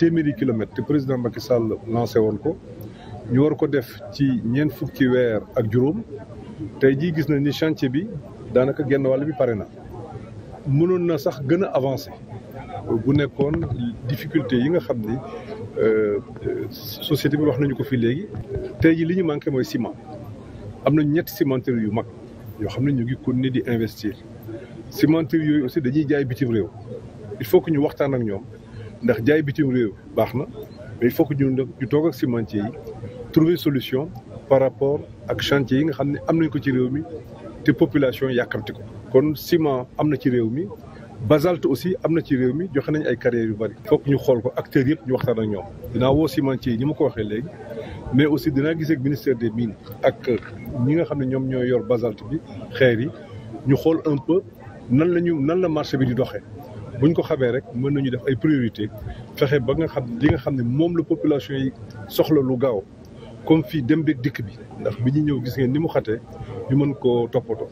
téeméeri kilomètres te président Macky Sall lancé woon ko ñu war ko def ci ñeent fukki weer ak juróom tey jii gis nañ ni chantier bi daanaka genn wàll bi pare na mënoon na sax gën a avancé bu nekkoon difficulté yi nga xam ni euh, société bi wax nañu ko fii léegi. tey jii li ñu manqué mooy ciment am na ñetti cimenterie yu mag yoo xam ne ñu ngi ni di investir cimenterie yooyu aussi dañuy jaay bitim réew il faut que ñu waxtaan ak ñoom. ndax jaay bitim réew baax na mais il faut que ñu ñu toog ak cimentier yi trouver solution par rapport ak chantier yi nga xam ne am nañ ko ci réew mi te population yàkkamti ko. kon ciment am na ci réew mi basalte aussi am na ci réew mi joxe nañ ay carrières yu bari. foog ñu xool ko acteurs yëpp ñu waxtaan ak ñoom. dinaa woo cimentier yi ni ma ko waxee léegi mais aussi dinaa gisee ak ministère de mines ak ñi nga xam ne ñoom ñoo yor basalte bi xeer yi ñu xool un nan la ñu nan la marché bi di doxee. buñ ko xamee rek mën nañu def ay priorité fexe ba nga xam li nga xam ne moom la population yi soxla lu gaaw comme fii dem beeg dikk bi ndax bi ñu ñëw gis ngeen ni mu xatee ñu mën koo toppatoo.